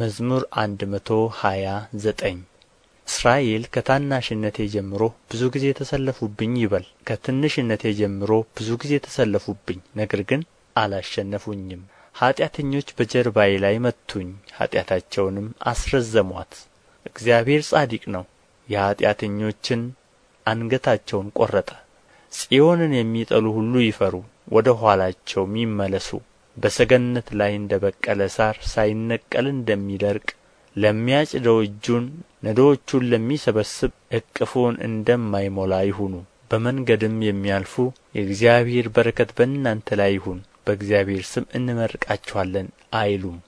መዝሙር መቶ ሀያ ዘጠኝ እስራኤል ከታናሽነቴ ጀምሮ ብዙ ጊዜ ተሰለፉብኝ ይበል ከትንሽነቴ ጀምሮ ብዙ ጊዜ ተሰለፉብኝ ነገር ግን አላሸነፉኝም ኀጢአተኞች በጀርባዬ ላይ መቱኝ ኀጢአታቸውንም አስረዘሟት እግዚአብሔር ጻድቅ ነው የኀጢአተኞችን አንገታቸውን ቈረጠ ጽዮንን የሚጠሉ ሁሉ ይፈሩ ወደ ኋላቸውም ይመለሱ በሰገነት ላይ እንደ በቀለ ሳር ሳይነቀል እንደሚደርቅ ለሚያጭደው እጁን ነዶዎቹን ለሚሰበስብ እቅፉን እንደማይሞላ ይሁኑ በመንገድም የሚያልፉ የእግዚአብሔር በረከት በእናንተ ላይ ይሁን በእግዚአብሔር ስም እንመርቃችኋለን አይሉም